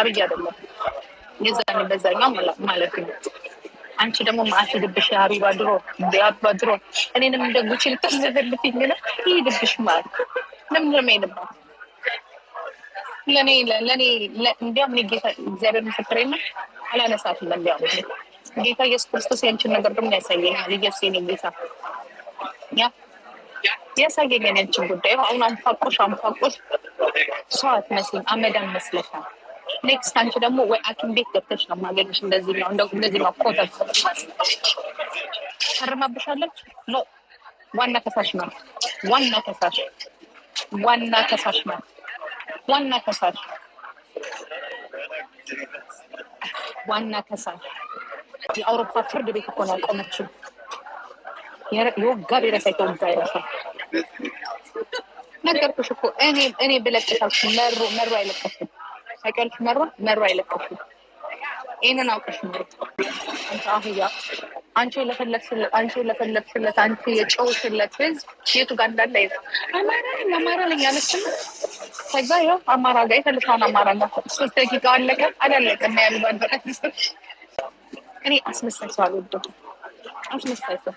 አብይ አይደለም የዛኔ በዛኛው ማለት ነው። አንቺ ደግሞ ማአት ድብሽ ሀቢባ ድሮ አባ ድሮ እኔንም እንደ ጉቺ ልታዘፈልፍኝ ነው። ይህ ድብሽ ማለት ለምንም ይልባ ለእኔ ለእኔ እንዲያም እኔ ጌታ እግዚአብሔር ምስክሬ አላነሳት አላነሳትም እንዲያም ጌታ ኢየሱስ ክርስቶስ ያንቺን ነገር ደግሞ ያሳየኛል። ኢየሱስ የኔ ጌታ ያ ያሳየኛል ያንቺን ጉዳይ አሁን አንፋቆሽ አንፋቆሽ ሰው መስል አመዳም መስለሻል ኔክስት አንቺ ደግሞ ወይ ሐኪም ቤት ገብተሽ ነው የማገኝሽ። እንደዚህ ነው እንደው እንደዚህ ነው ኮተት ተርማብሻለች። ኖ ዋና ከሳሽ ነው። ዋና ከሳሽ ዋና ከሳሽ ነው። ዋና ከሳሽ ዋና ከሳሽ የአውሮፓ ፍርድ ቤት እኮ ነው ያቆመችው። የወጋ ብሔረሳ የተወጋ ይረሳ ነገርኩሽ እኮ እኔ እኔ ብለቅሳችሁ መሩ መሩ አይለቀስም ታውቂያለሽ። መራ መራ አይለቀሽም። ይሄንን አውቀሽ ነው አንቺ አህያ፣ አንቺ የለፈለፍሽለት፣ አንቺ የለፈለፍሽለት፣ አንቺ የጨውሽለት ህዝብ የቱ ጋር እንዳለ ይዘ አማራ ነኝ አማራ ነኝ ያለችም ከዛ ያው አማራ ጋር የተልሳን አማራ ጋር ሶስት ደቂቃ አለቀ አላለቀም ያልባል በቃ እኔ አስመሳይ ሰው አልወደው። አስመሳይ ሰው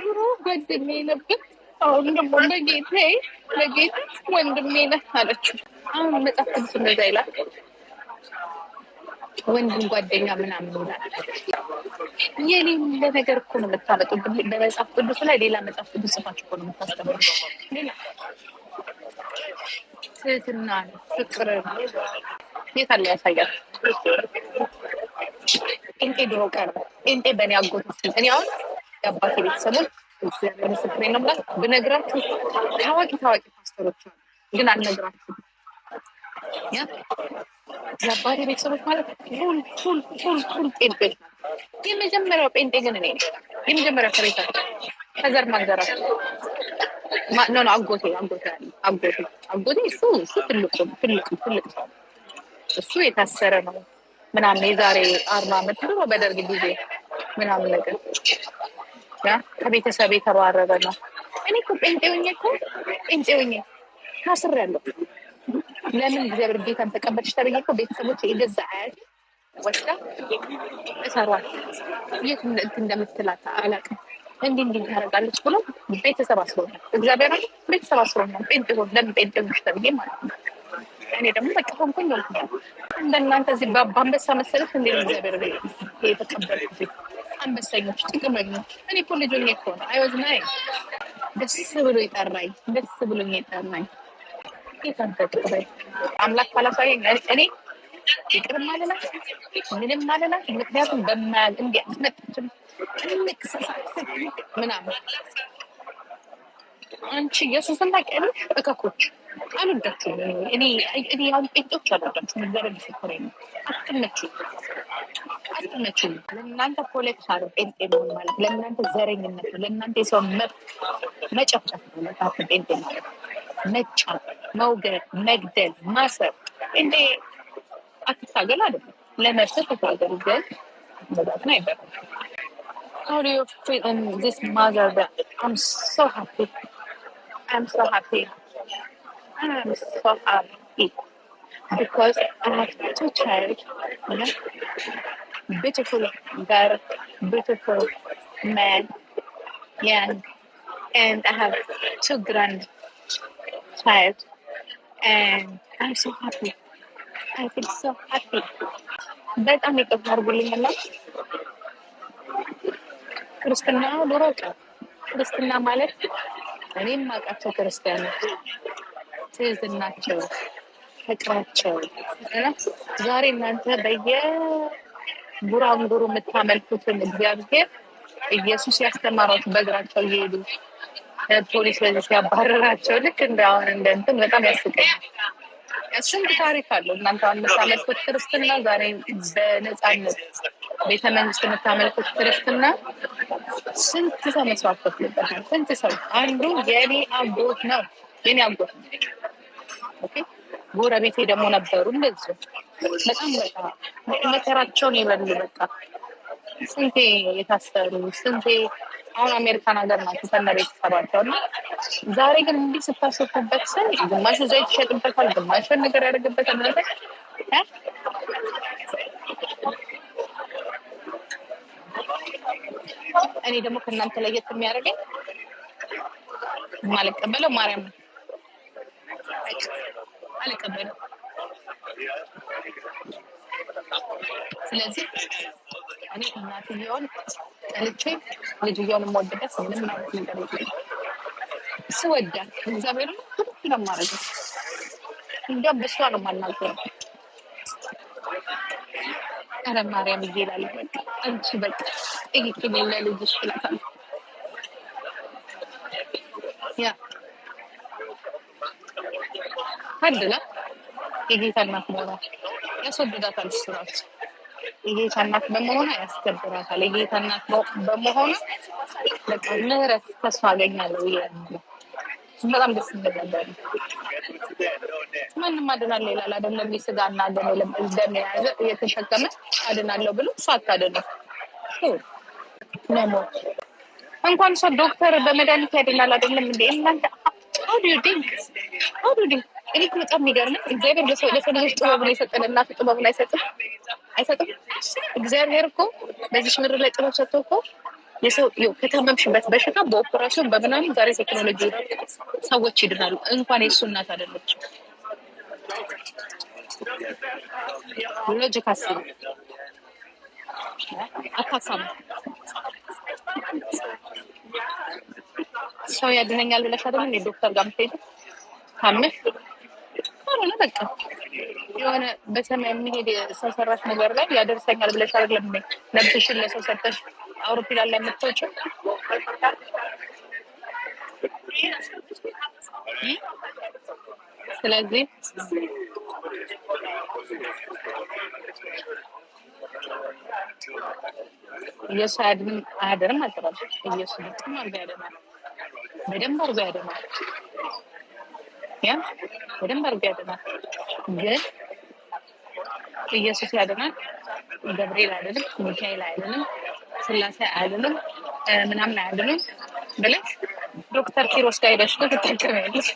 ድሮ ጓደኛዬ ነበር። አሁን ደግሞ ለጌታዬ ለጌታ ወንድሜ ነህ አለችው። አሁን መጽሐፍ ቅዱስ እንደዛ ይላል። ወንድም ጓደኛ ምናምን ይላል። የሌለ ነገር እኮ ነው የምታመጡብን። በመጽሐፍ ቅዱስ ላይ ሌላ መጽሐፍ ቅዱስ ጽፋችሁ እኮ ነው የምታስተምሩ። ትህትና ፍቅር የት አለ ያሳያል። ጴንጤ ድሮ ቀረ። ጴንጤ በእኔ አጎቶች እኔ አሁን የአባቴ ቤተሰቦች ምስክሬ ነው ብላ ብነግራችሁ ታዋቂ ታዋቂ ፓስተሮች ግን አልነግራችሁም የአባቴ ቤተሰቦች ማለት ፉል ፉል ፉል ፉል ጴንጤ። የመጀመሪያው ጴንጤ ግን እኔ ነኝ። የመጀመሪያው ከቤታ ከዘር ማንዘራት ኖ አጎቴ አጎቴ አጎቴ አጎቴ እሱ እሱ ትልቁ ትልቁ ትልቅ እሱ የታሰረ ነው ምናምን የዛሬ አርባ ዓመት ድሮ በደርግ ጊዜ ምናምን ነገር ያ ከቤተሰብ የተባረረ ነው። እኔ እኮ ጴንጤውኝ እኮ ጴንጤውኝ ታስሬያለሁ። ለምን እግዚአብሔር ጌታን ተቀበልሽ ተብዬ እኮ ቤተሰቦች የገዛ አያት ወስዳ እሰሯል። የት እንደምትላት አላውቅም። እንዲህ እንዲህ ታደርጋለች ብሎ ቤተሰብ አስሮ እግዚአብሔር ቤተሰብ አስሮ አስሮናል። ጴንጤ ሆን ለምን ጴንጤ ሆንሽ ተብዬ ማለት ነው። እኔ ደግሞ በቃ ሆንኩኝ ሆንኩኛል። እንደናንተ እዚህ በአንበሳ መሰለህ እንዴ እግዚአብሔር የተቀበልኩ አንበሳኞች፣ ጥቅመኞች። እኔ እኮ ልጆኛ እኮ ነው አይወዝና ደስ ብሎ የጠራኝ ደስ ብሎኝ የጠራኝ አምላክ ካላሳየኝ እኔ ይቅርም አልላት ምንም አልላት። ምክንያቱም በማያል እንዲያመጣችን ትልቅ ስሳት ምናምን አንቺ ኢየሱስና ቀን እከኮች አልወዳችሁም። እኔ ጴንጤዎች አልወዳችሁም። ዘረግ ስኮሬ ነው። አትመችም፣ አትመችም። ለእናንተ ፖለቲካ ነው ጴንጤ መሆን ማለት፣ ለእናንተ ዘረኝነት ነው፣ ለእናንተ የሰው መብት መጨፍጨፍ ነው። ጴንጤ ማለት መቻል፣ መውገድ፣ መግደል፣ ማሰር እንዴ አትታገል አለ ለመርሰ ተታገሉ ግን መዳትን አይበርም። How do you feel in this mother that I'm so happy. I'm so happy. I'm so happy because I have two child, you know, beautiful girl, beautiful man, young, and I have two grand. child. And I'm so happy. I feel so happy. በጣም ይቅርታ አድርጉልኝና ክርስትና ልሮቅ ክርስትና ማለት እኔም አውቃቸው ክርስቲያኖች ትዕዝናቸው፣ ፍቅራቸው እና ዛሬ እናንተ በየጉራንጉሩ የምታመልኩትን እግዚአብሔር ኢየሱስ ያስተማሯት በእግራቸው እየሄዱ ፖሊስ በዚህ ሲያባረራቸው ልክ እንደ አሁን እንደ እንትን በጣም ያስቀኛል። ስንት ታሪክ አለው። እናንተ አምስት አመልኩት ክርስትና ዛሬ በነፃነት ቤተ መንግስት የምታመልኩት ክርስትና ስንት ሰው መስዋዕት ከፍሎበታል። ስንት ሰው አንዱ የኔ አጎት ነው የኔ አጎት ነው። ጎረቤቴ ደግሞ ነበሩ እንደዚ በጣም በቃ መከራቸውን የበሉ በቃ ስንቴ የታሰሩ ስንቴ አሁን አሜሪካን ሀገር ናቸው ከነር የተሰሯቸው እና ዛሬ ግን እንዲህ ስታስፉበት ስል ግማሹ ዘይት ይሸጥበታል፣ ግማሹ ነገር ያደርግበታል ማለት እኔ ደግሞ ከእናንተ ለየት የሚያደርገኝ የማልቀበለው ማርያም ነው። አልቀበለው። ስለዚህ እኔ እናትየውን ጠልቼ ልጅየውን የምወድበት ምንም አይነት ነገር የለም። ስወዳት እግዚአብሔር ሁሉ ነው የማደርገው። እንዲያውም በሷ ነው የማናገረው። ረ ማርያም ይላል በቃ አንቺ በቃ ጥይቅኝ ለልጅሽ እላታለሁ። ያ አንድ አድላ የጌታ እናት ሆና ያስወድዳታል እሱ የጌታ እናት ያስከብራታል። የጌታ እናት በመሆኗ በቃ ምህረት ተስፋ አገኛለሁ ብዬ በጣም ደስ የሚል ነበር። ማንም አድናለሁ ይላል አይደለም? የስጋና ደም የያዘ የተሸከመ አድናለሁ ብሎ እሷ አታድነው መሞት እንኳን ሰው ዶክተር በመድኃኒት ያድናል አይደለም? እንደ እናንተ እኔ በጣም የሚገርመኝ እግዚአብሔር ለሰው ልጆች ጥበብን የሰጠን እናቱ ላይ አይሰጥም። አይሰጥም። እግዚአብሔር እኮ በዚች ምድር ላይ ጥበብ ሰጥቶ እኮ የሰው ከታመምሽበት በሽታ በኦፕራሲዮን በምናምን ዛሬ ቴክኖሎጂ ሰዎች ይድናሉ። እንኳን የእሱ እናት አደለች። ሎጂክ አስ አታሳም ሰው ያድነኛል ብለሽ አይደለም የዶክተር ጋር የምትሄጂው ካምህ ካልሆነ በቃ የሆነ በሰማይ የሚሄድ ሰው ሰራሽ ነገር ላይ ያደርሰኛል ብለሽ አይደለም ነብስሽን ለሰው ሰጠሽ አውሮፕላን ላይ የምትወጪው ስለዚህ እየሱ አያድንም አያደርም አልተባለ እየሱ በጣም አርጋ ያደማል በደንብ አርጋ ያደማል ያ በደንብ አርጋ ያደማል ግን ኢየሱስ ያድናል፣ ገብርኤል አይደለም፣ ሚካኤል አይደለም፣ ስላሴ አይደለም፣ ምናምን አይደለም ብለሽ ዶክተር ኪሮስ ጋር ሄደሽ ነው ትጠቀሚያለሽ።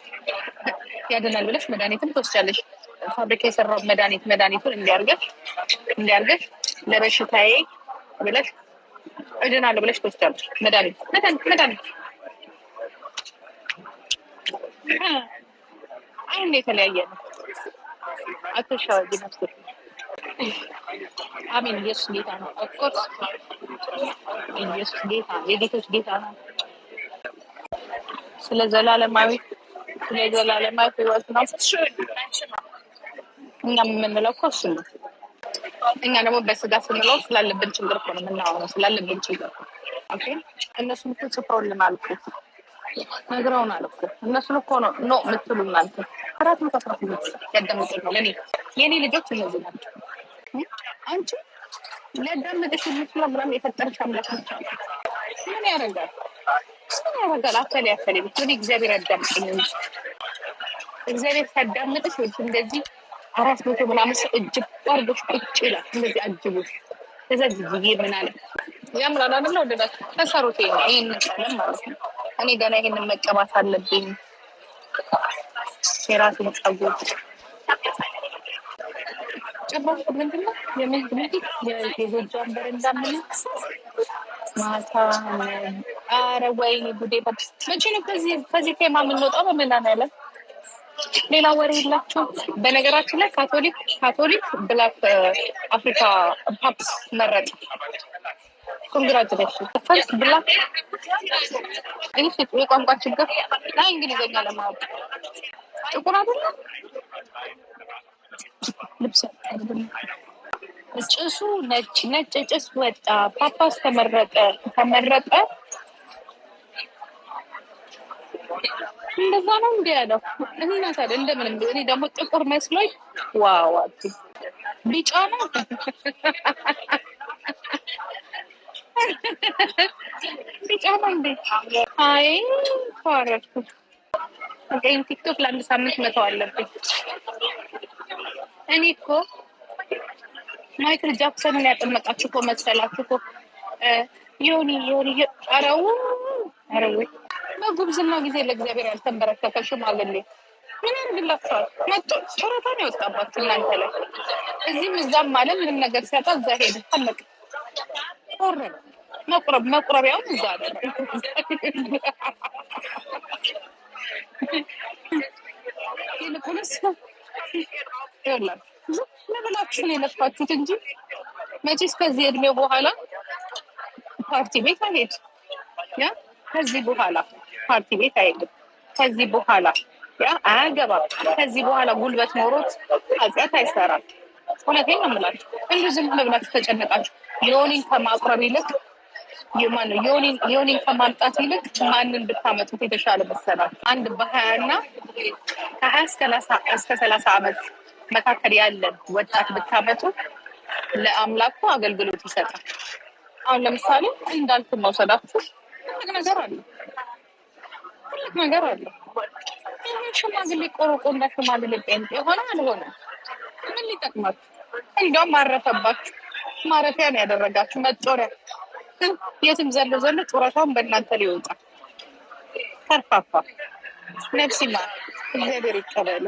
ያድናል ብለሽ መድኃኒትም ትወስጃለሽ። ፋብሪካ የሰራው መድኃኒት መድኃኒቱን እንዲያርገሽ እንዲያርገሽ ለበሽታዬ ብለሽ እድናለሁ ብለሽ ትወስጃለሽ። መድኃኒት መድኃኒት አሁን የተለያየ ነው። አትሻወጂ ነፍሴ። አሜን። ኢየሱስ ጌታ ነው። ኦፍኮርስ ኢየሱስ ጌታ የጌቶች ጌታ ነው። ስለ ዘላለማዊ ስለ ዘላለማዊ ህይወት ነው እኛ የምንለው እኮ እሱ ነው። እኛ ደግሞ በስጋ ስንለው ስላለብን ችግር እኮ ነው የምናወራው፣ ስላለብን ችግር እነሱን እኮ ጽፈውልናል እኮ ነግረውናል እኮ እነሱን እኮ ነው ኖ አራት መቶ አስራ ስምንት ያዳምጠኝ ለኔ የኔ ልጆች እነዚህ ናቸው። አንቺ ሊያዳምጥሽ የምችለው ብላም የፈጠረሽ አምላክ ብቻ ነው። ምን ያደርጋል ምን ያደርጋል አፈል ያፈል ብትሆን እግዚአብሔር ያዳምጠኝ እንጂ እግዚአብሔር ሲያዳምጥሽ ወች እንደዚህ አራት መቶ ምናምን ሰው እጅግ አድርጎሽ ቁጭ ይላል። እንደዚህ አጅቦች ከዛ ጊዜ ምን አለ ያምራል አይደለ? ወደዳችሁ ተሰሩት ይሄን ቃለም ማለት ነው። እኔ ገና ይህንን መቀባት አለብኝ የራሱን ጸጉር ጭራሽ ምንድነው የመንግ እንግዲህ የጎጃም በረንዳ ምን ማታ ጉዴ! መቼ ነው ከዚህ ቴማ የምንወጣው? በመናን ሌላ ወሬ በነገራችን ላይ ካቶሊክ ካቶሊክ ብላክ አፍሪካ ብላክ የቋንቋ ችግር ለማወቅ ጥቁር አይደለም ልብስ ጭሱ ነጭ ነጭ ጭስ ወጣ። ፓፓስ ተመረጠ ተመረጠ። እንደዛ ነው እንዲ ያለው እና እንደምንም እኔ ደግሞ ጥቁር መስሎኝ ዋው ቢጫ ነው ቢጫ ነው እንዴ? አይ ተዋረድኩ። ይህም ቲክቶክ ለአንድ ሳምንት መተው አለብኝ። እኔ እኮ ማይክል ጃክሰንን ያጠመቃችሁ እኮ መሰላችሁ እኮ ዮኒ የሆኒ አረው አረው በጉብዝና ጊዜ ለእግዚአብሔር ያልተንበረከከ ሽማግሌ ምን ያርግላችኋል? መጡ ጨረታን ያወጣባችሁ እናንተ ላይ እዚህም እዛም ማለት ምንም ነገር ሲያጣ እዛ ሄዱ አለቅ ቆረብ መቁረብ መቁረቢያውን እዛ አለ ይልቁንስ ለብላችሁ ነው የለፋችሁት እንጂ መቼስ ከዚህ እድሜ በኋላ ፓርቲ ቤት አሄድ ያ ከዚህ በኋላ ፓርቲ ቤት አይሄድም። ከዚህ በኋላ ያ አያገባም። ከዚህ በኋላ ጉልበት ኖሮት ኃጢአት አይሰራም። እውነቴን ነው የምላችሁ። እንዲሁ ዝም ብላችሁ ተጨነቃችሁ ዮኒን ከማቁረብ ይልቅ ነው የሆኔን ከማምጣት ይልቅ ማንን ብታመጡት የተሻለ መሰራት አንድ በሀያ እና ከሀያ እስከ ሰላሳ አመት መካከል ያለን ወጣት ብታመጡ ለአምላኩ አገልግሎት ይሰጣል። አሁን ለምሳሌ እንዳልኩ መውሰዳችሁ ትልቅ ነገር አለ፣ ትልቅ ነገር አለ። ሽማግሌ ቆርቆ እና ሽማግሌ ጴንጤ የሆነ አልሆነ ምን ሊጠቅማችሁ? እንዲያውም አረፈባችሁ፣ ማረፊያ ነው ያደረጋችሁ መጦሪያ የትም ዘሎ ዘሎ ጡረታውን በእናንተ ሊወጣ ተርፋፋ። ነፍሲ ማ እግዚአብሔር ይቀበሉ።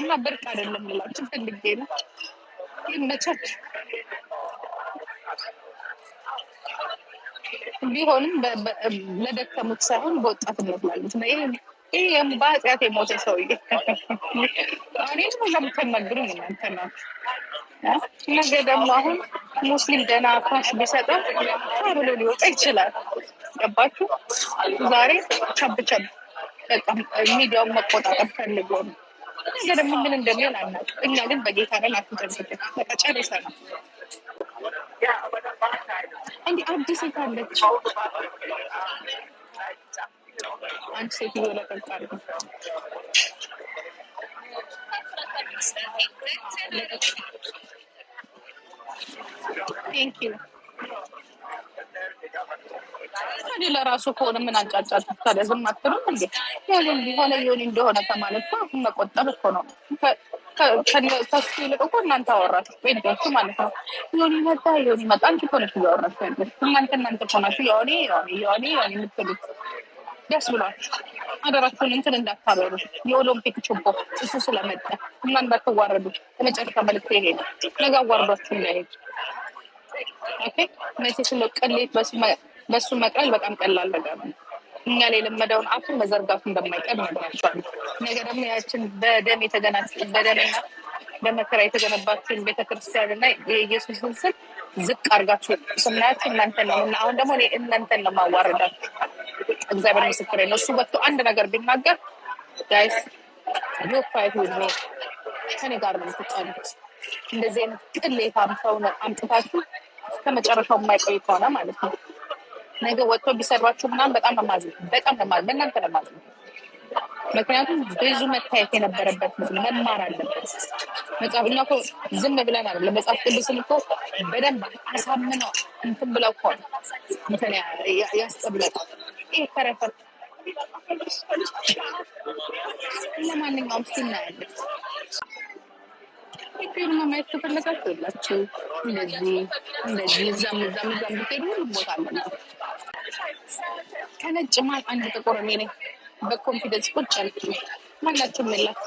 እና ብርቅ አይደለም ላችሁ ፈልጌ ነው። ይመቻችሁ። ቢሆንም ለደከሙት ሳይሆን በወጣትነት ላሉት ነው ይሄ ይህ የእምባ ኃጢአት የሞተ ሰውዬ እኔም ለምትመግሩ እናንተ ናችሁ። ነገ ደግሞ አሁን ሙስሊም ደህና ኳስ ቢሰጠው ብሎ ሊወጣ ይችላል። ገባችሁ? ዛሬ ቸብ ቸብ ቸብቸብ ሚዲያውን መቆጣጠር ፈልጎ ነው። ነገ ደግሞ ምን እንደሚሆን አናውቅም። እኛ ግን በጌታ ነን። አትጨብጭብ መጨረሻ ነው። እንዲህ አዲስ የት አንድ ሴትዮ ለቀቅ አድርጊ፣ ቴንኪው። ለራሱ ከሆነ ምን አንጫጫት? ታዲያ ዝም አትልም እንዴ? ያለን ቢሆነ የሆን እንደሆነ ከማለት እኮ አሁን መቆጠብ እኮ ነው። ከሱ ይልቅ እኮ እናንተ አወራችሁ ቤዳችሁ ማለት ነው። የሆን ይመጣ የሆን ይመጣ አንቺ እኮ ነሽ እያወራችሁ ያለሽ እናንተ እናንተ እኮ ናችሁ የሆኔ የሆኔ የሆኔ የሆኔ የምትሉት ደስ ብሏል ሀገራችሁን እንትን እንዳታበሩ የኦሎምፒክ ችቦ እሱ ስለመጣ እና እንዳትዋረዱ። የመጨረሻ መልክት ይሄ ነው። ነገ አዋርዷችሁ እንዳይሄድ መቼስ ስለ ቅሌት በሱ መቅለል በጣም ቀላል ነገር ነው። እኛ ላይ የለመደውን አፉን መዘርጋቱ እንደማይቀር ነግራቸዋል። ነገ ደግሞ ያችን በደም በደምና በመከራ የተገነባችን ቤተክርስቲያን እና የኢየሱስን ስል ዝቅ አድርጋችሁ ስናያችሁ እናንተን ነው እና አሁን ደግሞ እኔ እናንተን ነው ማዋረዳችሁ እግዚአብሔር ምስክር ነው። እሱ ወጥቶ አንድ ነገር ቢናገር ጋይስ ፋይት ሚ ከኔ ጋር ነው የምትጫሉት። እንደዚህ አይነት ቅሌታም ሰው አምጥታችሁ እስከ መጨረሻው የማይቆይ ከሆነ ማለት ነው ነገ ወጥቶ ቢሰሯችሁ ምናምን በጣም ለማዝ በጣም ለማዝ በእናንተ ለማዝ ነው። ምክንያቱም ብዙ መታየት የነበረበት ምስል መማር አለበት። መጽሐፍ እኛ ዝም ብለን አለ ለመጽሐፍ ቅዱስን እኮ በደንብ አሳምነው እንትን ብለው ከሆነ ያስጠብለታል ይፈረፈር። ለማንኛውም ስናያለን ፊልም ማየት ከፈለጋችሁ ላችሁ እንደዚህ እንደዚህ እዛም እዛም እዛም ብትሄዱ ሁሉም ቦታ አለ። ከነጭ ማል አንድ ጥቁር እኔ ነኝ። በኮንፊደንስ ቁጭ ያልኩ ማናችሁም የላት